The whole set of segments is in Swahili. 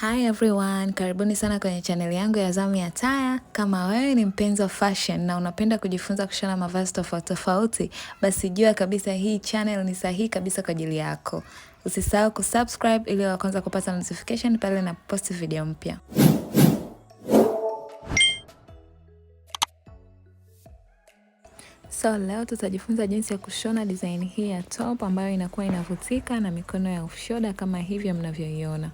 Hi everyone, karibuni sana kwenye chaneli yangu ya Zamu ya Taya. Kama wewe ni mpenzi wa fashion na unapenda kujifunza kushona mavazi tofauti tofauti, basi jua kabisa hii channel ni sahihi kabisa kwa ajili yako. Usisahau kusubscribe ili wa kwanza kupata notification pale na posti video mpya. So leo tutajifunza jinsi ya kushona design hii ya top ambayo inakuwa inavutika na mikono ya ushoda kama hivyo mnavyoiona.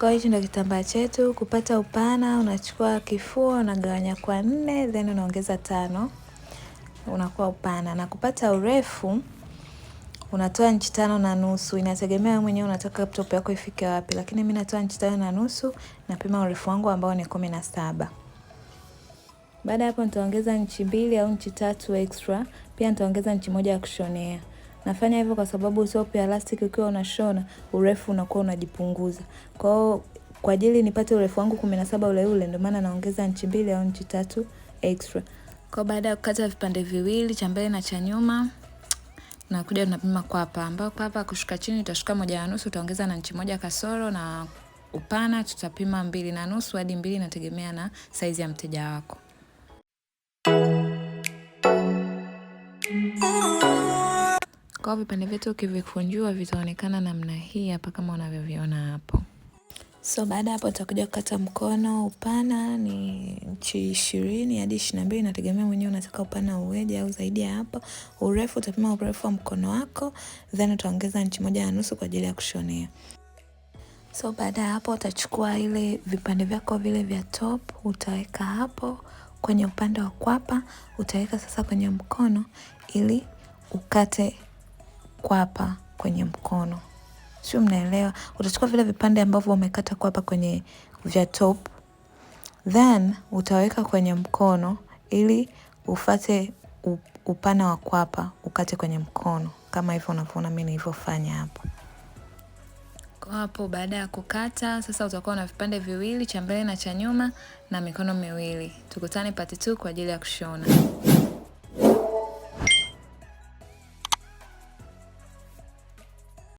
Kwa hiyo ndio kitambaa chetu. Kupata upana, unachukua kifua unagawanya kwa nne, then unaongeza tano, unakuwa upana. Na kupata urefu unatoa nchi tano na nusu, inategemea wewe mwenyewe unataka laptop yako ifike wapi, lakini mimi natoa nchi tano na nusu, napima urefu wangu ambao ni kumi na saba. Baada hapo nitaongeza nchi mbili au nchi tatu extra, pia nitaongeza nchi moja ya kushonea. Nafanya hivyo kwa sababu sio pia elastic ukiwa unashona urefu unakuwa unajipunguza. Kwa hiyo kwa ajili nipate urefu wangu 17 ule ule ndio maana naongeza nchi mbili au nchi tatu extra. Kwa baada ya kukata vipande viwili cha mbele na cha nyuma na kuja tunapima kwa hapa ambapo kwa hapa kushuka chini utashuka moja na nusu utaongeza na nchi moja kasoro na upana tutapima mbili na nusu hadi mbili inategemea na saizi ya mteja wako. Oh. Kwa vipande vyetu ukivikunjua vitaonekana namna hii hapa kama unavyoviona hapo. So baada hapo utakuja kukata mkono, upana ni inchi ishirini hadi ishirini na mbili inategemea mwenyewe unataka upana uweje au zaidi ya hapo. Urefu utapima urefu wa mkono wako, then utaongeza inchi moja na nusu kwa ajili ya kushonea. So baada ya hapo utachukua ile vipande vyako vile vya top utaweka hapo kwenye upande wa kwapa, utaweka sasa kwenye mkono ili ukate kwapa kwenye mkono. Sio, mnaelewa? Utachukua vile vipande ambavyo umekata kwapa kwenye vya top, then utaweka kwenye mkono ili ufate upana wa kwapa ukate kwenye mkono, kama hivyo unavyoona mimi nilivyofanya hapo. Kwa hapo baada ya kukata sasa, utakuwa na vipande viwili cha mbele na cha nyuma na mikono miwili. Tukutane pati tu kwa ajili ya kushona.